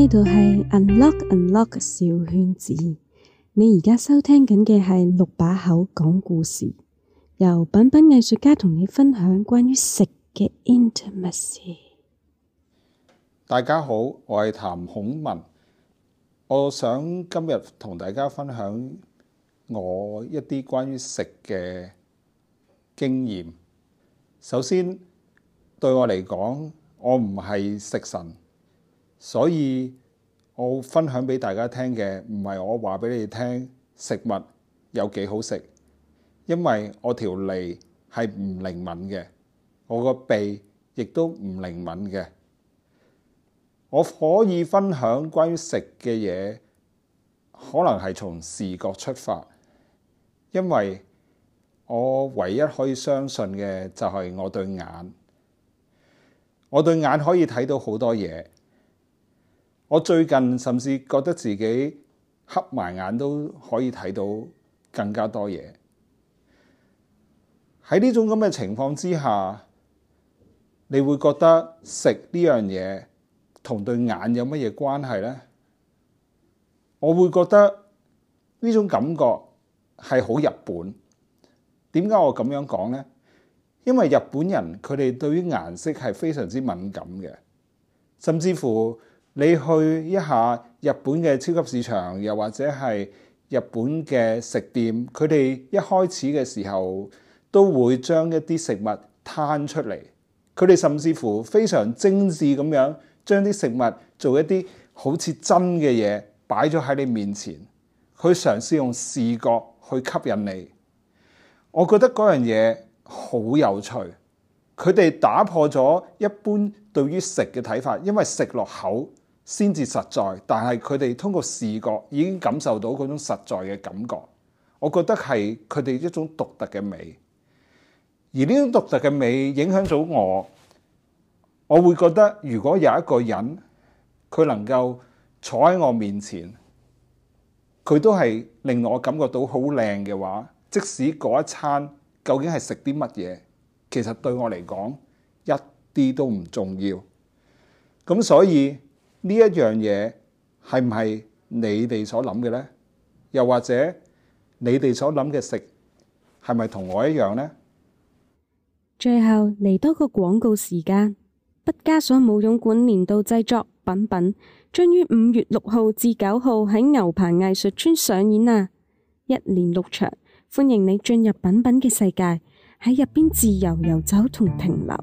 呢度係 Unlock Unlock 小圈子，你而家收聽緊嘅係六把口講故事，由品品藝術家同你分享關於食嘅 Intimacy。大家好，我係譚孔文，我想今日同大家分享我一啲關於食嘅經驗。首先，對我嚟講，我唔係食神。所以我分享俾大家聽嘅，唔係我話俾你聽食物有幾好食，因為我條脷係唔靈敏嘅，我個鼻亦都唔靈敏嘅。我可以分享關於食嘅嘢，可能係從視覺出發，因為我唯一可以相信嘅就係我對眼，我對眼可以睇到好多嘢。我最近甚至覺得自己黑埋眼都可以睇到更加多嘢。喺呢種咁嘅情況之下，你會覺得食呢樣嘢同對眼有乜嘢關係呢？我會覺得呢種感覺係好日本。點解我咁樣講呢？因為日本人佢哋對於顏色係非常之敏感嘅，甚至乎。你去一下日本嘅超級市場，又或者係日本嘅食店，佢哋一開始嘅時候都會將一啲食物攤出嚟。佢哋甚至乎非常精緻咁樣將啲食物做一啲好似真嘅嘢擺咗喺你面前，佢嘗試用視覺去吸引你。我覺得嗰樣嘢好有趣。佢哋打破咗一般對於食嘅睇法，因為食落口。先至實在，但係佢哋通過視覺已經感受到嗰種實在嘅感覺。我覺得係佢哋一種獨特嘅美，而呢種獨特嘅美影響咗我，我會覺得如果有一個人佢能夠坐喺我面前，佢都係令我感覺到好靚嘅話，即使嗰一餐究竟係食啲乜嘢，其實對我嚟講一啲都唔重要。咁所以。呢一樣嘢係唔係你哋所諗嘅呢？又或者你哋所諗嘅食係咪同我一樣呢？最後嚟多個廣告時間，不加鎖舞踊館年度製作品品將於五月六號至九號喺牛棚藝術村上演啊！一連六場，歡迎你進入品品嘅世界，喺入邊自由遊走同停留。